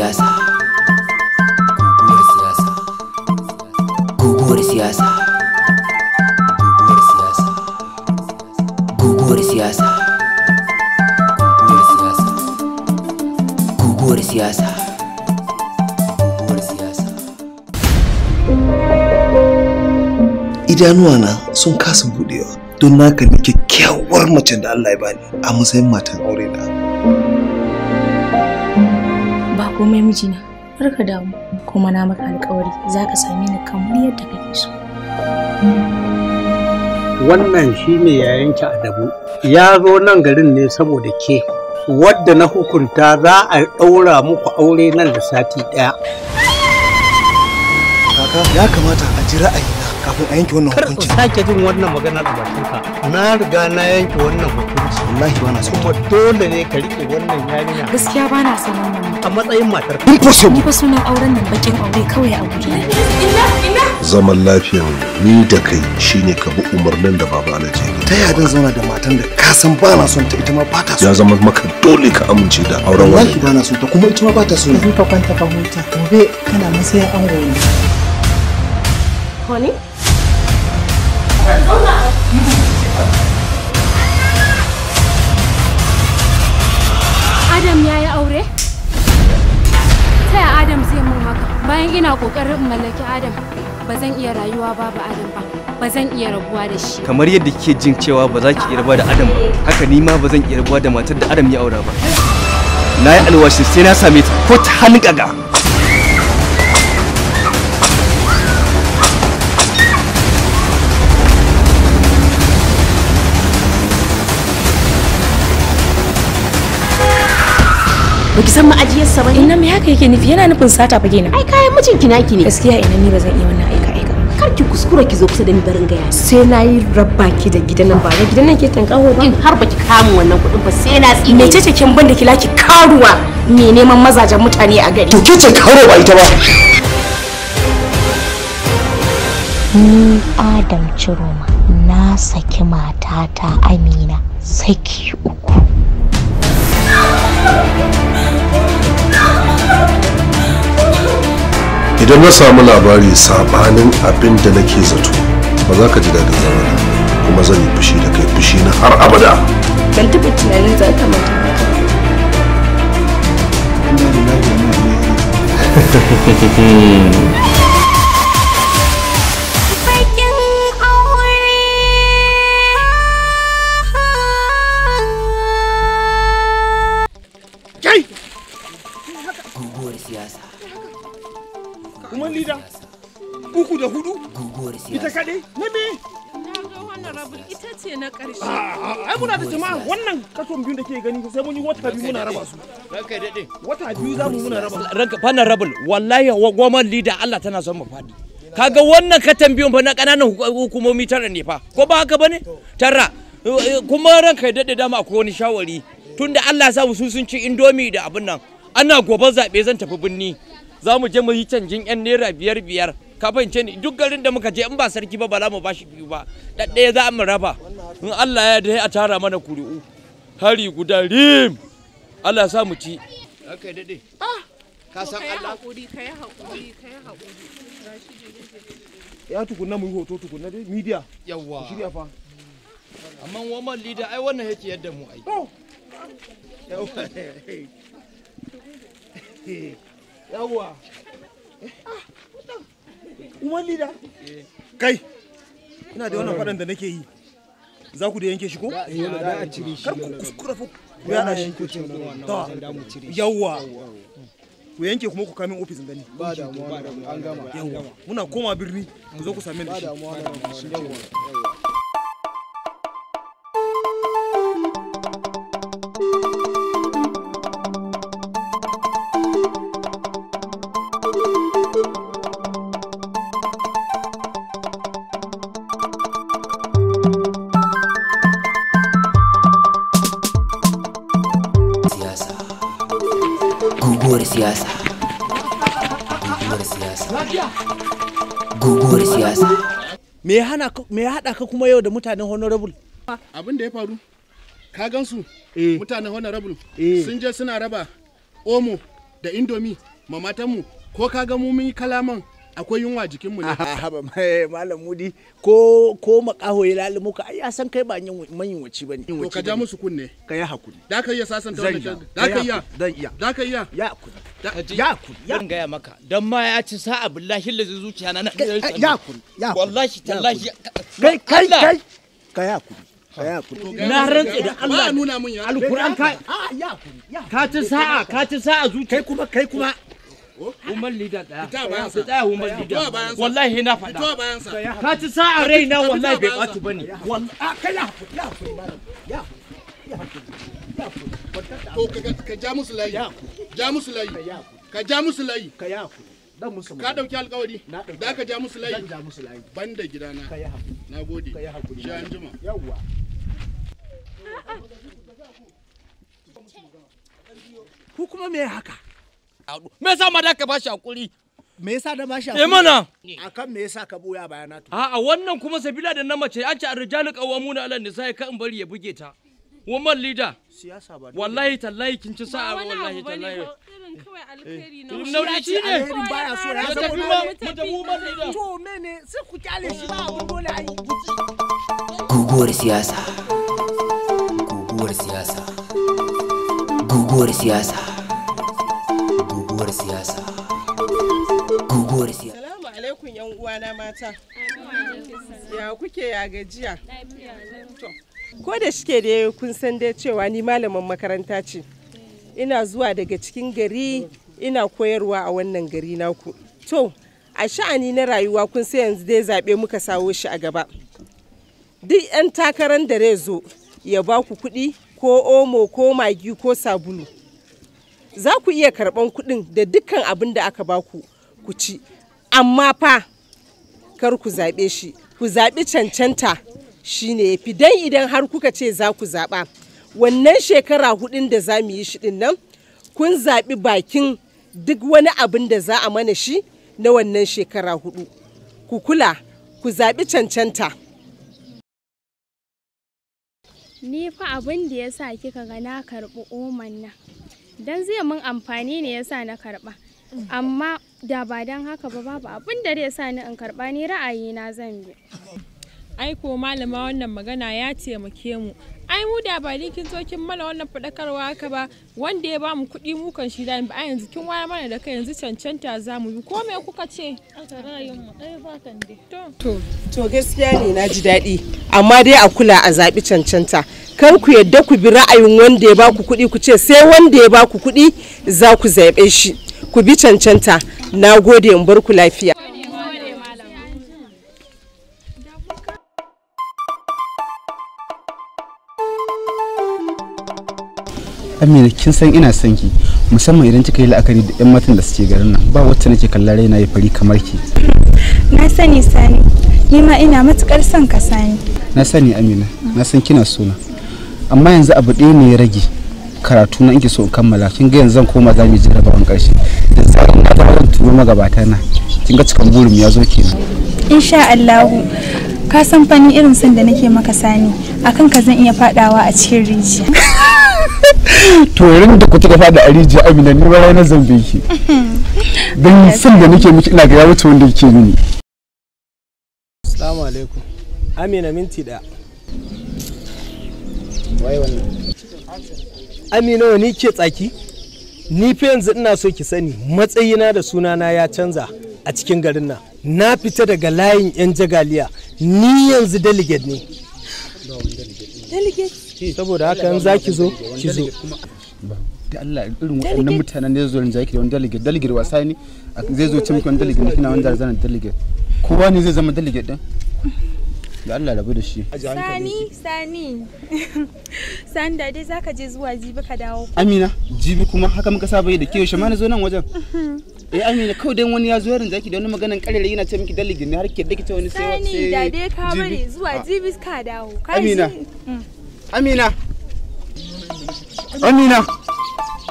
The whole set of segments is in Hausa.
siyasa guguwar siyasa guguwar siyasa guguwar siyasa guguwar siyasa guguwar siyasa guguwar siyasa guguwar siyasa sun kasa budewa don na kalli kyakkyawar mace da Allah ya bani a matsayin matan aure na komai mijina har ka damu kuma na maka alkawari za ka same ni kamar yadda kake so wannan shi ne shine a adabu ya zo nan garin ne saboda ke wadda na hukunta za a ɗaura muku aure nan da sati ɗaya. Kaka ya kamata a ji ra'ayi kafin a yanke wannan hukunci kar sake jin wannan magana da bakinka na riga na yanke wannan hukunci wallahi ba na so kuma dole ne ka rike wannan yarinya gaskiya ba na son wannan a matsayin matar impossible ni fa sunan auren nan bakin aure kawai a guri ina ina zaman lafiyan ni da kai shine ka bi umarnin da baba na ce ta yaya dan zauna da matan da ka san ba na son ta ita ma ba ta so ya zama maka dole ka amince da auren wannan wallahi ba na so ta kuma ita ma ba ta so ni ka kwanta ka huta gobe kana matsayin ango gobe. Honey? Adam ya yi aure? Ta Adam zai mun haka? Bayan ina ƙoƙarin in mallaki Adam, ba zan iya rayuwa babu Adam ba, ba zan iya rabuwa da shi. Kamar yadda kike jin cewa ba za ki iya rabuwa da Adam ba, haka ni ma ba zan iya rabuwa da matar da Adam ya aura ba. Na yi alwashin sai na same ta ko ta hannu ba ki san ma'ajiyarsa ba ne ina me haka yake nufi yana nufin sata fa kenan ai kayan mijin ki naki ne gaskiya ina ni ba zan iya wannan aika aika kar ki kuskura ki zo kusa da ni barin gaya sai na yi rabba ki da gidan nan ba gidan nan ke tankaho ba in har baki kamun wannan kuɗin ba sai na tsine mece ce kin banda ki laki karuwa me neman mazajen mutane a gari to ke ce karuwa ba ita ba ni Adam Ciroma na saki matata Amina saki uku idan na samu labari sabanin abin da nake zato ba za ka ji daga zama da kuma zan yi fushi da kai fushi na har abada ban taba tunanin za ka mata Ita kaɗai? Na me? ita ce na ƙarshe. Ai muna da jama'a wannan kason biyu da ke gani sai mun yi wata biyu muna raba su. Ranka daɗe. Wata biyu za mu muna raba su. Ranka fannin rabul wallahi goma lida Allah tana son mu faɗi. Kaga wannan katan biyun fa na ƙananan hukumomi tara ne fa ko ba haka bane? Tara eh, eh, kuma ranka daɗe dama akwai wani shawari tunda Allah ya sa sun ci indomi da abin nan ana gobe zaɓe zan tafi binni za mu je mu yi canjin 'yan naira biyar biyar ka fahimce ni duk garin da muka je in ba sarki ba ba za mu shi biyu ba ɗaɗɗaya za mu raba in Allah ya da a tara mana kuri'u hari guda rim Allah ya sa mu ci kai dade ah, ka san Allah hakuri kai hakuri kai hakuri ya tukunna mu hoto tukunna dai media yawa shirya fa amma woman leader ai wannan yake yadda mu ai oh! yawa yawa umar lida kai ina da wannan faɗan da nake yi za ku da yanke shi ko kar ku kuskura fa ku yana shi yawwa ku yanke kuma ku kamin ofis gani ba damuwa an gama yawwa muna koma birni ku zo ku same ni shi yawwa me ya haɗa hada ka kuma yau da mutanen honorable abin da ya faru ka gansu eh. mutanen honorable eh. sun je suna raba omo da indomi ma matanmu ko ka ga mu mun kalaman akwai yunwa jikin mu ne haba mai eh, malam mudi ko ko makaho ya lalu muka ai san kai ba manyan waci bane to ka ja musu kunne ka yi hakuri da ka iya sasan ta wannan da ka iya dan iya da ka iya ya hakuri ya hakuri zan ya maka dan ma ya ci sa'a billahi lazi zuciya na ya hakuri ya wallahi tallahi kai kai kai ka yi hakuri na rantsa da Allah nuna mun ya alquran ka ya hakuri ka ci sa'a ka ci sa'a zuciya kai kuma kai kuma umar leader daya su tsaya umar leader wallahi na faɗa ka ci sa a na wallahi bai bati ba ne ka ja musu layi ja musu layi ka ja musu layi ka dauki alƙawari, da ka ja musu layi banda gidana na gode shi an jima ku kuma me haka ƙaru me yasa ma da ka bashi hakuri me yasa da bashi hakuri eh mana akan me yasa ka boya bayana to a'a wannan kuma sabila da na mace an ce ar-rijalu qawwamuna ala nisa ka in bari ya buge ta woman leader siyasa ba wallahi tallahi kin ci sa'a wallahi tallahi irin kawai alheri na eh, wani baya so ya zama mu da woman leader to mene sai ku kyale shi ba abun dole ai guguwar siyasa guguwar siyasa guguwar siyasa guguwar siyasa guguwar siyasa salamu alaikum yan uwa na mata ya kuke ya gajiya ko da shike da kun san dai cewa ni malaman makaranta ce ina zuwa daga cikin gari ina koyarwa a wannan gari naku to a sha'ani na rayuwa kun sai yanzu dai zaɓe muka sawo shi a gaba duk 'yan takarar da zo ya ba ku kuɗi ko omo ko magi ko sabulu za ku iya karɓan kuɗin da dukkan abin da aka baku ku ci amma fa kar ku zaɓe shi ku zaɓi cancanta shine ya fi dan idan har kuka ce za ku zaɓa wannan shekara hudun da za mu yi shi ɗin nan kun zaɓi bakin duk wani abin da za a mana shi na wannan shekara hudu ku kula ku zaɓi cancanta ni fa abin da ya sa kika ga na karɓi oman nan dan zai mun amfani ne yasa na karba amma da ba dan haka ba babu abin da zai sa ni in karba ni ra'ayi na zan bi aiko malama wannan magana ya taimake mu ai mu da ba kin zo mana wannan fadakarwa haka ba wanda ya bamu kuɗi mu kan shi da ba yanzu kin waya mana da kai yanzu cancanta za mu bi ko me kuka ce eh, to to gaskiya ne na ji daɗi amma dai a kula a zaɓi cancanta kar ku yadda ku bi ra'ayin wanda ya baku kuɗi ku ce sai wanda ya baku kuɗi za ku zaɓe shi ku bi cancanta na gode in bar ku lafiya amina kin san ina son ki musamman idan kika yi la'akari da yan matan da suke garin nan ba wacce nake kalla raina ya fari kamar ki na sani sani ni ma ina matukar son ka sani na sani amina na san kina suna amma yanzu abu ɗaya ne ya rage karatu na inke so in kammala kin ga yanzu zan koma za mu ji rabawan karshe da zai na da turo magabata na kin ga cikan burin ya zo kenan insha Allah ka san fani irin san da nake maka sani akan ka zan iya fadawa a cikin rijiya to rin da kuta kafa da arija amina ni bara na zambe ki dan sun da nake miki ina ga ya wuce wanda yake mini assalamu alaikum amina minti da wai wannan amina ni ke tsaki ni fa yanzu ina so ki sani matsayina da sunana ya canza a cikin garin nan na fita daga layin yan jagaliya ni yanzu delegate ne delegate saboda haka in zaki zo ki zo da Allah irin waɗannan mutanen da zo ne zaki da wani delegate delegate wasa ne zai zo cin wani delegate ne kina wani zarzana delegate kowa ne zai zama delegate din da Allah rabu da shi sani sani sani da dai zaka je zuwa jibi ka dawo amina jibi kuma haka muka saba yi da yau, shama na zo nan wajen eh amina kawai dan wani ya zo yarin zaki da wani maganan karere yana ce miki delegate ne har ke dake ta wani sai sani da dai ka bari zuwa jibi ka dawo amina Amina. Amina.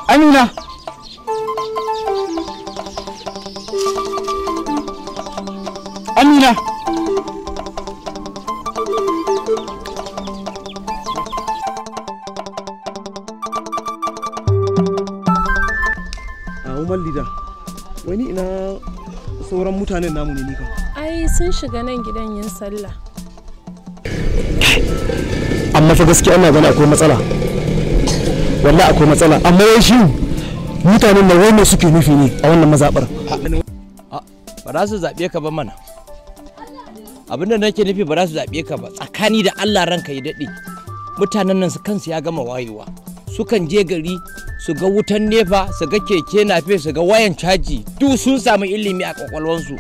Amina. Amina. A umar lida, wani ina sauran mutanen namu ne ka? Ai sun shiga nan gidan yin sallah. amma fa gaskiya ina gani akwai matsala wallahi akwai matsala amma wai shi mutanen nan wai me suke nufi ne a wannan mazabar ba za su zaɓe ka ba mana abinda nake nufi ba za su zaɓe ka ba tsakani da Allah ranka ya dade mutanen nan su kansu ya gama wayewa sukan je gari su ga wutan nefa su ga keke nafe su ga wayan caji duk sun samu ilimi a kwakwalwansu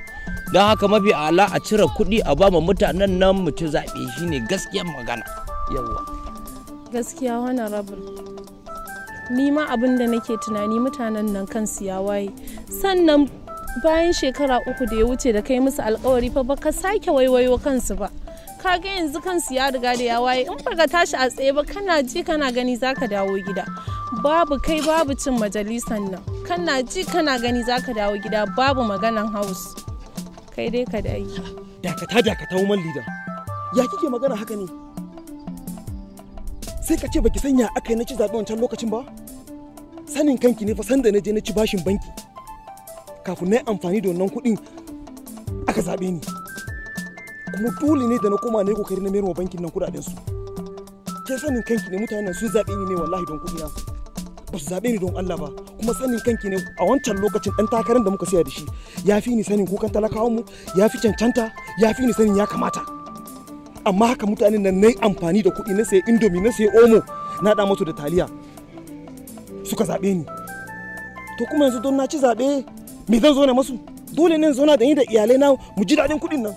don haka mafi ala a cire kuɗi a ba mutanen nan mu ci zaɓe shine gaskiyar magana yawa gaskiya wani rabin ni ma abin da nake tunani mutanen nan kansu ya waye sannan bayan shekara uku da ya wuce da kai musu alkawari fa baka sake waiwayo kansu ba kaga yanzu kansu ya riga da ya waye in baka tashi a tsaye ba kana ji kana gani zaka dawo gida babu kai babu cin majalisan nan kana ji kana gani zaka dawo gida babu maganan house kai dai ka da yi dakata dakata woman leader ya kike magana haka ne sai ka ce baki sanya aka na ci zaɓe wancan lokacin ba sanin kanki ne fa san da na je na ci bashin banki kafin na yi amfani da wannan kuɗin aka zaɓe ni kuma dole ne da na koma na yi kokari na mayarwa bankin nan kuɗaɗen su ke sanin kanki ne mutanen sun zaɓe ni ne wallahi don kuɗina ba su zaɓe ni don Allah ba kuma sanin kanki ne a wancan lokacin ɗan takarar da muka siya da shi ya fi ni sanin kukan talakawan mu ya fi cancanta ya fi ni sanin ya kamata amma haka mutanen nan yi amfani da kuɗi na sayi indomi na sayi omo na da musu da taliya suka zaɓe ni to kuma yanzu don na ci zaɓe me zan zo na masu dole ne zo na da ni da iyalai na mu ji daɗin kuɗin nan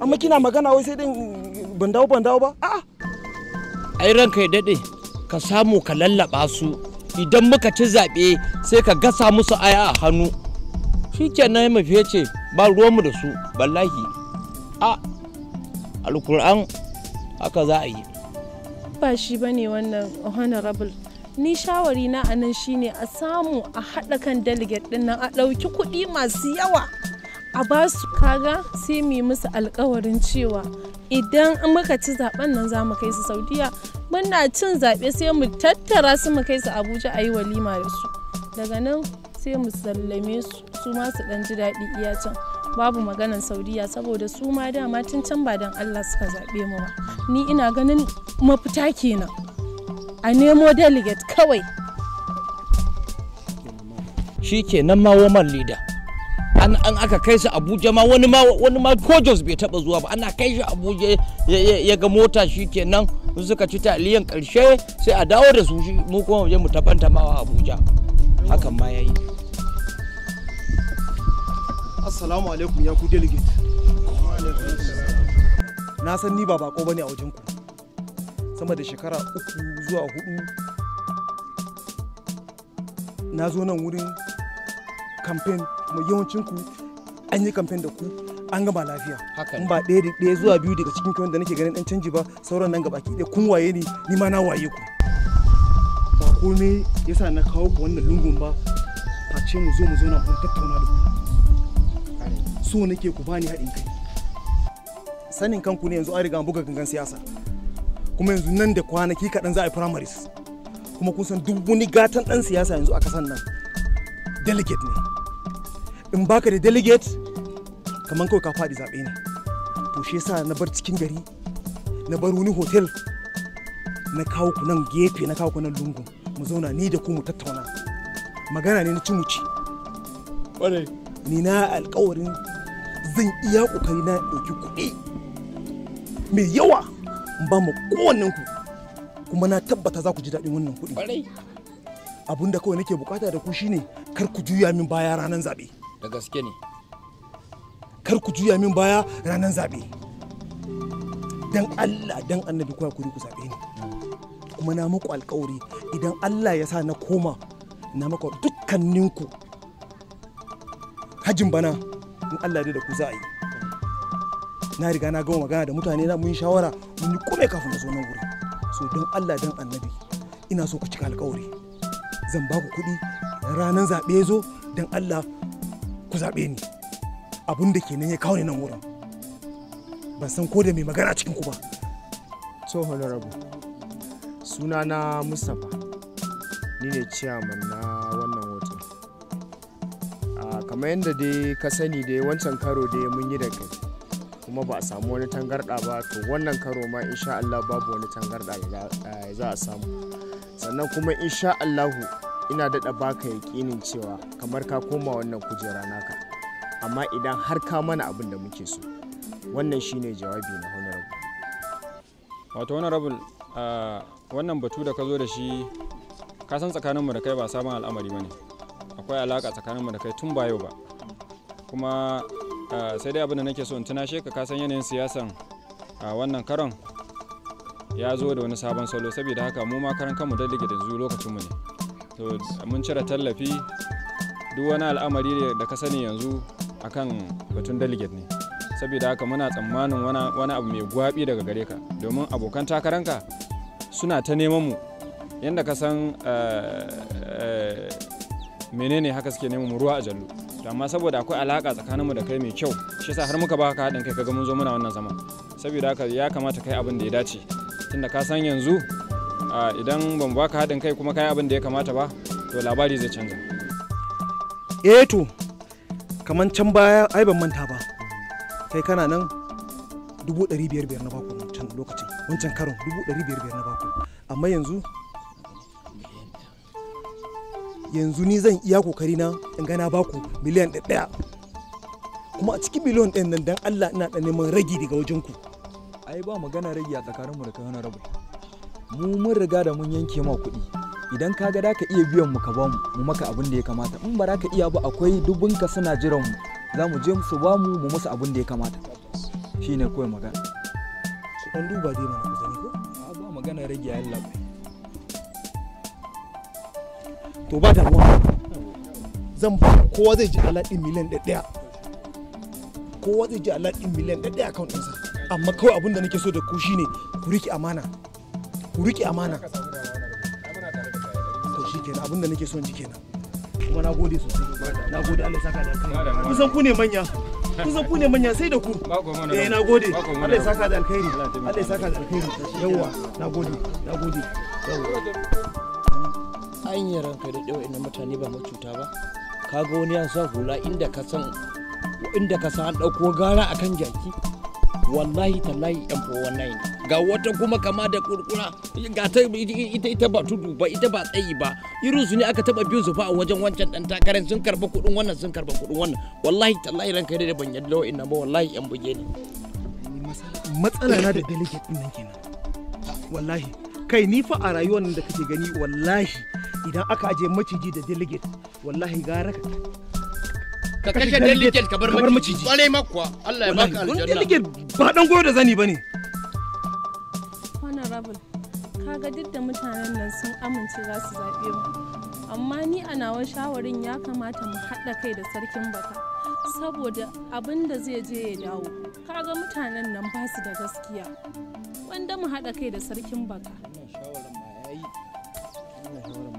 amma kina magana wai sai dai ban dawo ban dawo ba a'a ai ranka ya daɗe ka samu ka lallaɓa su idan muka ci zaɓe sai ka gasa musu aya a hannu shikenan mafi ya ce ba ruwanmu da su wallahi a alkur'an haka za a yi ba shi ba ne wannan honorable ni shawari na anan shine a samu a haɗa kan delegate ɗin nan a ɗauki kuɗi masu yawa a ba su kaga sai mu yi musu alkawarin cewa idan muka ci zaben nan za mu kai su saudiya muna cin zaɓe sai mu tattara su mu kai su abuja a yi walima da su daga nan sai mu sallame su su masu ɗan ji daɗi iya can babu maganan saudiya saboda su ma dama tun can ba don allah suka zaɓe mu ba ni ina ganin mafita kenan a nemo delegate kawai shi nan ma woman leader an an aka kai su abuja ma wani ma wani ma kojos bai taba zuwa ba ana kai shi abuja ya ga mota shi ke nan suka ci taliyan karshe sai a dawo da su mu kuma mu je mu tabanta mawa abuja hakan ma yayi assalamu alaikum ya ku delegate na san ni ba bako bane a wajen ku sama da shekara uku zuwa hudu na zo nan wurin kamfen kuma yawancin ku an yi kamfen da ku an gama lafiya in ba ɗaya da ɗaya zuwa biyu daga cikin kiwon da nake ganin ɗan canji ba sauran nan gaba ɗaya kun waye ni ni ma na waye ku ba komai yasa na kawo ku wannan lungun ba face mu zo mu zo na kuma tattauna da ku so nake ku bani haɗin kai sanin kanku ne yanzu an riga buga gangan siyasa kuma yanzu nan da kwanaki kaɗan za a yi primaries kuma kun san duk wani gatan ɗan siyasa yanzu a kasan nan delegate ne in baka da delegate kamar kawai ka faɗi zaɓe ne to shi yasa na bar cikin gari na bar wani hotel na kawo ku nan gefe na kawo ku nan lungu mu zauna ni da ku mu tattauna magana ne na cimuci ni na alkawarin zan iya kokari na ɗauki kuɗi mai yawa in ba mu kowannen ku kuma na tabbata za ku ji daɗin wannan kuɗi abun da kawai nake bukata da ku shine kar ku juya min baya ranar zaɓe da gaske ne kar ku juya min baya ranar zaɓe dan Allah dan annabi ku hakuri ku zaɓe ni kuma na muku alkawari idan Allah ya sa na koma na muku dukkaninku hajin bana in Allah da ku za a yi na riga na gama magana da mutane na mun shawara mun yi kome kafin na zo nan wuri so don Allah dan annabi ina so ku cika alkawari zan ba ku kuɗi ranar zaɓe zo don Allah ku zaɓe ni abun da kenan ya kawo ni nan wurin ban san ko da mai magana cikin ku ba so honorable suna na mustapha ni ne ciyaman na wannan kamar yadda dai ka sani dai wancan karo dai mun yi da kai kuma ba a samu wani tangarɗa ba to wannan karo ma insha Allah babu wani tangarɗa da za eh, a samu sannan kuma insha Allahu ina daɗa baka yaƙinin cewa kamar ka koma wannan kujera naka amma idan har ka mana abin da muke so wannan shine jawabi na honorable wato honorable ah, wannan batu da ka zo da shi ka san tsakaninmu da kai ba sabon al'amari ba ne akwai alaka tsakaninmu da kai tun ba ba kuma sai dai abin da nake so in tunashe ka san yanayin siyasan a wannan karon ya zo da wani sabon salo saboda haka mu ma karan kanmu da zu lokacinmu ne to mun cire tallafi duk wani al'amari da ka sani yanzu akan batun delegate ne saboda haka muna tsammanin wani abu mai gwabi daga gare ka domin abokan takaranka suna ta neman mu yadda ka san menene haka suke neman mu ruwa a jallo to amma saboda akwai alaka tsakaninmu da kai mai kyau shi yasa har muka baka haɗin kai kaga mun zo muna wannan zama saboda haka ya kamata kai abin da ya dace tunda ka san yanzu idan ban baka haɗin kai kuma kai abin da ya kamata ba to labari zai canza eh to kaman can baya ai ban manta ba kai kana nan dubu ɗari biyar biyar na baku wancan lokacin wancan karon dubu ɗari biyar biyar na baku amma yanzu yanzu ni zan iya kokari na in gana baku miliyan ɗaya kuma a cikin miliyan ɗaya nan dan Allah ina da neman ragi daga wajen ku ai ba magana ragi a tsakaninmu da kai rabu mu mun riga da mun yanke ma kuɗi idan ka ga ka iya biyan mu ka ba mu mu maka abin da ya kamata in ba za ka iya ba akwai dubun ka suna jiran mu za mu je su ba mu mu musu abin da ya kamata shine kawai magana ki dan duba dai mana ku zani ko ba magana rage ya Allah to ba damuwa zan ba kowa zai ji alaɗin miliyan ɗaya kowa zai ji alaɗin miliyan ɗaya akawun ɗinsa amma kawai abin da nake so da ku shine ku riƙe amana ku riƙe amana to shi kenan abin da nake so ji kenan kuma na gode sosai na gode Allah saka da alkhairi kusan ku ne manya kusan ku ne manya sai da ku eh na gode Allah saka da alkhairi Allah saka da alkhairi yawa na gode na gode yawa an ranka da ɗewa ina mutane ba macuta ba ka ga wani yanzu sa hula inda ka san inda ka san an ɗauko gara a kan jaki wallahi tallahi yan fo ne ga wata kuma kama da kurkura ga ta ita ita ba tudu ba ita ba tsayi ba irin su ne aka taba biyu su fa a wajen wancan dan takarar sun karba kudin wannan sun karba kudin wannan wallahi tallahi ranka da ban yadda wa'in ba wallahi yan buge ne matsala na da delegate din nan kenan wallahi kai ni fa a rayuwar da kake gani wallahi idan aka aje maciji da delegate wallahi gara ka ka kashe delegate ka bar maciji kwarai makwa Allah ya baka aljanna delegate ba dan goyo da zani bane honorable kaga duk da mutanen nan sun amince za su zabe mu amma ni a nawa shawarin ya kamata mu haɗa kai da sarkin baka saboda abin da zai je ya dawo kaga mutanen nan ba su da gaskiya wanda mu haɗa kai da sarkin baka shawarar ma yayi shawarar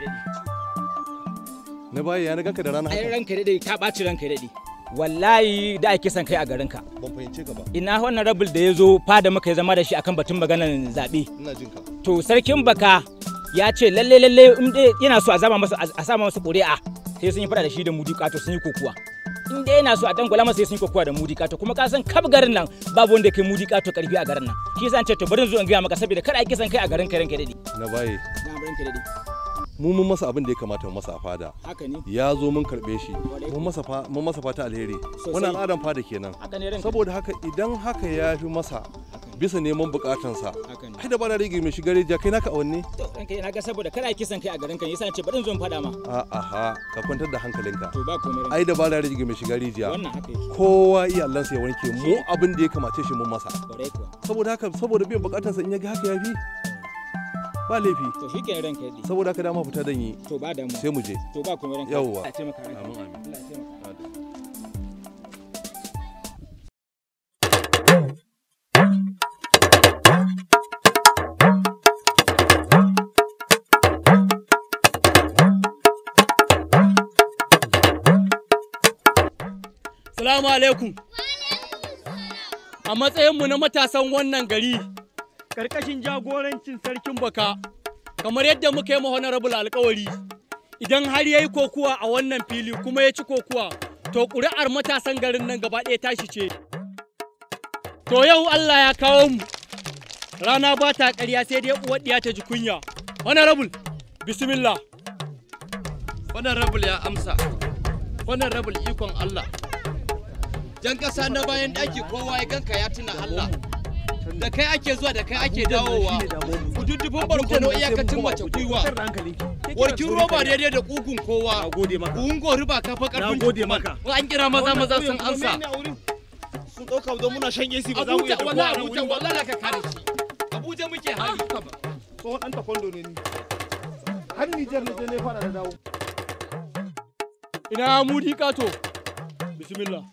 ranka Na baya ya ranka da rana haka. Ai ranka daɗe ta ɓaci ranka daɗe. Wallahi da ake son kai a garinka. Ban fahimce ka ba. Ina wannan rabul da ya zo fada muka ya zama da shi akan batun maganar zaɓe. Ina jin ka. To sarkin baka ya ce lalle lalle in dai yana so a zama masa a sama masa ƙuri'a sai sun yi fada da shi da mudi kato sun yi kokuwa. In dai yana so a dangwala masa sai sun yi kokuwa da mudi kato kuma ka san kab garin nan babu wanda kai mudi kato karfi a garin nan. Shi yasa an ce to bari zo in gaya maka saboda kada ake son kai a garin ka ranka daɗe. Na bayi. Na ranka daɗe. mu mun masa abin da ya kamata mu masa a fada ya zo mun karbe shi mun masa fata alheri wani al'adan fada kenan saboda haka idan haka ya fi masa bisa neman bukatansa ai da ba bana rigi mai shigar rijiya kai naka to kai naga saboda kana kisan kai a garin kan yasa ce zo fada ma a aha ka kwantar da hankalinka to ba komai ai da ba bana rigi mai shigar rijiya wannan haka yake kowa iya Allah sai wanke mu abin da ya kamace shi mun masa saboda haka saboda biyan bukatansa in ya ga haka ya fi? ba laifi to shi ke ranka yadi saboda haka dama fita dan yi to ba damu sai mu je to ba kuma ranka yawwa a ce maka amin amin Allah ya taimaka Salamu alaikum. A matsayinmu na matasan wannan gari, karkashin jagorancin sarkin baka kamar yadda muka yi ma honorable alkawari idan har ya yi kokuwa a wannan fili kuma ya ci kokuwa to ƙuri'ar matasan garin nan gaba ɗaya tashi ce to yau allah ya kawo mu rana ba ta ƙarya sai dai uwar ɗiya ta ji kunya honorable bismillah honorable ya amsa honorable ikon allah jan ƙasa na bayan ɗaki kowa ya ganka ya tuna allah da kai ake zuwa da kai ake dawowa barko barkono iyakacin mace gwiwa warkin roba daidai da kugun kowa kun gori ba ka fa karfin jikuman an kira maza maza sun ansa sun dauka don muna shan AC ba za mu iya tafiya a wurin ba wallahi ka kare shi Abuja muke hali ah, tsohon ɗan takwando ne ni har Nijar na je ne fara da dawo ina mudi kato bismillah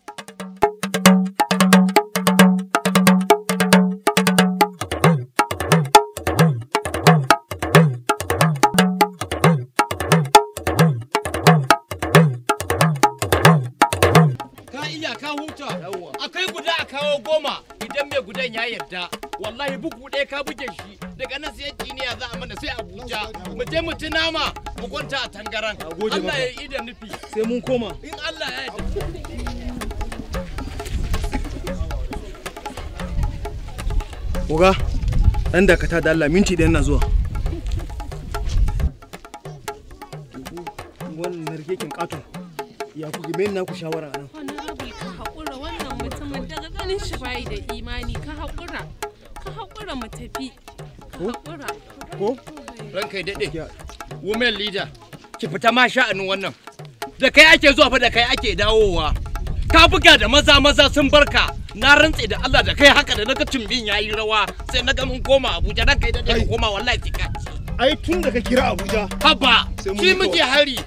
mutum ya yarda wallahi buku ɗaya ka buge shi daga nan sai jiniya za a mana sai abuja mu je mu ci nama mu kwanta a tangaran Allah ya yi da nufi sai mun koma in Allah ya yarda Oga, ɗan ta da Allah minti ɗaya na zuwa. Wannan narkekin ƙaton ya ku game na ku shawara a nan. Honorable ka haƙura wannan mutumin daga ganin shi bai da imani. haƙura ka haƙura mu tafi ka haƙura ko ranka ya daɗe women leader ki fita ma sha'anin wannan da kai ake zuwa fa da kai ake dawowa ka buga da maza maza sun barka na rantse da Allah da kai haka da naga tumbin yayi rawa sai na mun koma Abuja na kai da koma wallahi fika ai tun da ka kira Abuja haba shi muke hari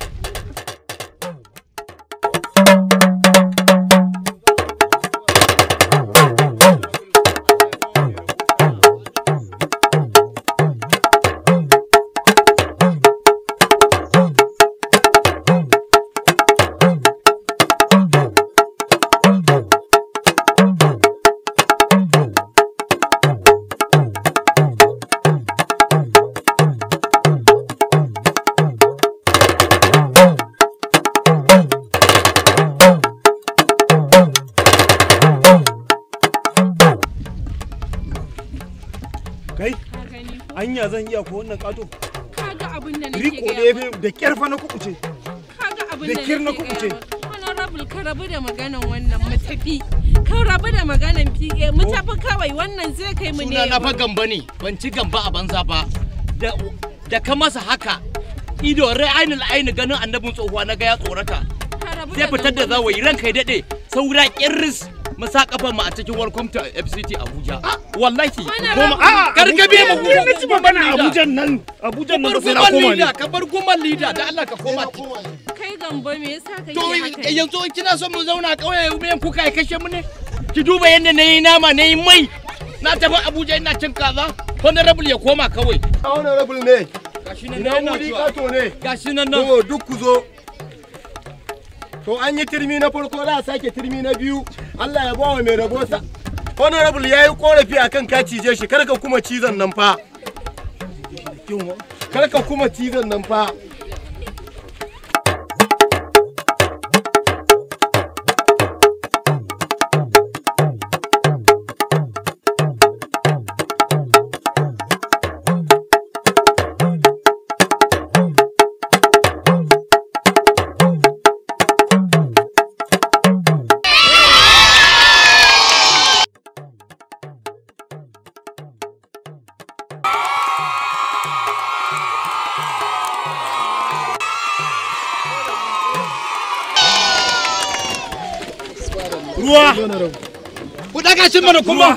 Anya zan iya ko wannan kato Kaga abin da nake Riko da ƙyar fa na kuɓuce. Kaga abin da nake na kuɓuce. Honorable ka rabu da maganan wannan mu tafi. Ka rabu da maganan PA mu tafi kawai wannan zai kai mu ne. Suna na fa gamba ne ban ci gamba a banza ba. Da ka masa haka ido rai ainul aini ganin annabin tsohuwa na ga ya tsorata. sai fitar da zawayi ranka kai daɗe saura kirris mu sa kafan mu a cikin welcome to FCT Abuja ah! wallahi goma a gargabe mu goma ni ci magana Abuja nan Abuja nan sai na koma ne ka bar goma leader da Allah ka koma kai gambo me yasa kai to yanzu kina son mu zauna a kauye me kuka kashe mu ne ki duba yanda na yi nama na yi mai na tafi abuja ina cin kaza honorable ya koma kawai ah, honorable ne gashi nan na wuri kato ne gashi nan nan to duk ku zo to an yi turmi na farko za a sake turmi na biyu Allah ya bawa mai rabo sa. Honorable ya yi korafi akan ka cije shi, karka kuma cizon nan fa. Karka kuma cizon nan fa. mana kuma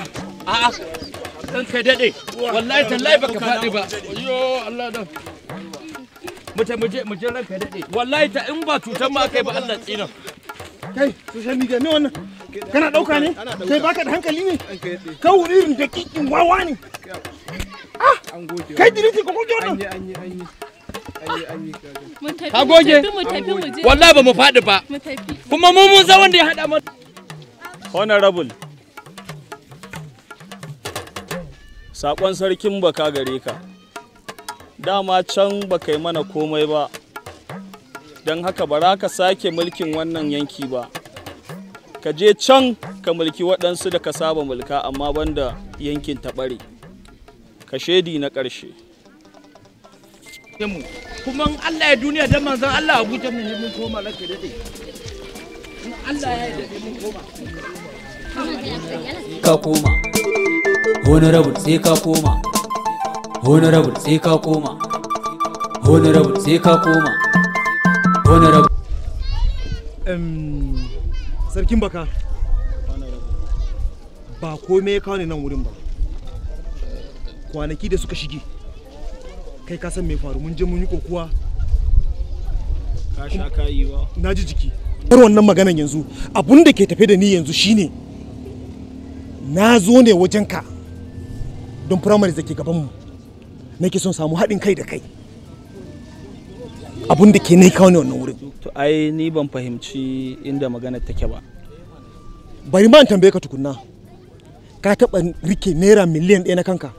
a'a dan kai dade wallahi tallahi baka fadi ba yo Allah dan muje muje muje ran kai dade wallahi ta in ba tutan ma kai ba Allah tsina kai su mi ga me wannan kana dauka ne kai baka da hankali ne ka wurin da kikin wawa ne ah an goje kai diriti ko goje wannan ka goge wallahi ba mu fadi ba kuma mu mun za wanda ya hada mu honorable saƙon sarkin baka gare ka dama can baka yi mana komai ba don haka bara ka sake mulkin wannan yanki ba ka je can ka mulki waɗansu da ka saba mulka amma banda yankin ta bare ka shaidi na ƙarshe kuma Allah ya duniya don manzan Allah abu ta mun koma ranka dade Allah ya yi da mun koma ka koma honorable sai ka koma honorable sai ka koma honorable sai ka koma honorable sarkin baka ba kome ya kawo ne nan wurin ba kwanaki da suka shige kai ka san me faru mun je mun yi kokuwa ka sha kayiwa na ji jiki kar wannan maganan yanzu abun da ke tafe da ni yanzu shine na zo ne wajenka don firamare da ke gabanmu nake son samu haɗin kai da kai abun da ke nai kawo ne wannan wurin to ai ni ban fahimci inda maganar take ba bari ma tambaye ka tukunna ka taɓa rike naira miliyan ɗaya na kanka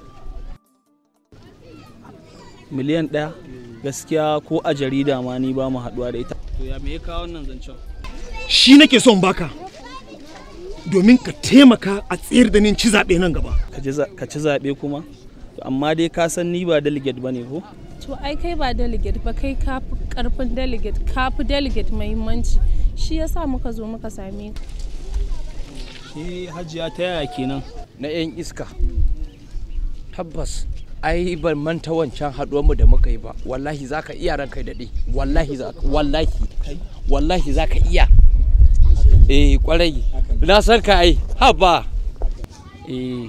miliyan ɗaya gaskiya ko a jarida ma ni ba mu haɗuwa da ita to ya me ya kawo wannan zancen shi nake son baka domin ka taimaka a tsayar da nin ci zaɓe nan gaba ka ci zaɓe kuma amma dai ka san ni ba delegate ba ne ko to ai kai ba delegate ba kai ka fi karfin delegate ka fi delegate mahimmanci shi sa muka zo muka same ka ke hajiya ta yaya kenan na yan iska tabbas ai ban manta wancan mu da muka yi ba wallahi za ka iya kai daɗe wallahi wallahi wallahi za ka iya eh kwarai na san ka ai haba eh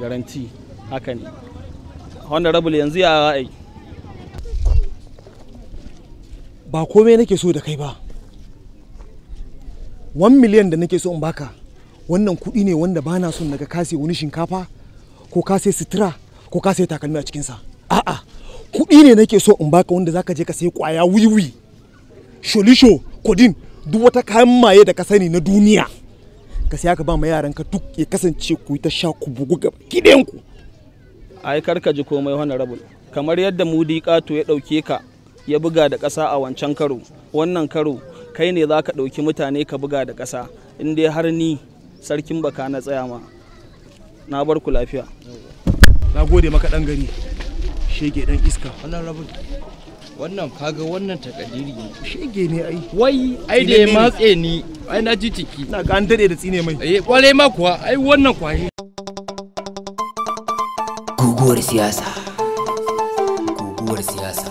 garanti haka ne honorable yanzu ya ra'ayi ba komai nake so da kai ba 1 miliyan da nake so in baka wannan kuɗi ne wanda ba na son daga kase wani shinkafa ko kase sutura ko kase takalmi a cikinsa a'a kuɗi ne nake so in baka wanda zaka je ka sayi kwaya wiwi sholisho kodin duk wata kayan maye da ka sani na duniya ka sai ka ba ma yaran duk ya kasance ku ta sha ku bugu gaba gidan ku ai karka ji komai honorable kamar yadda mudi kato ya dauke ka ya buga da ƙasa a wancan karo wannan karo kai ne za ka ɗauki mutane ka buga da ƙasa in dai har ni sarkin baka na tsaya ma na bar ku lafiya na gode maka dan gari shege ɗan iska wannan kaga wannan takadiri shege ne ai wai ai da ya matse ni ai na ji ciki na ga an dade da tsine mai eh kwarai ma kuwa ai wannan kwaye guguwar siyasa guguwar siyasa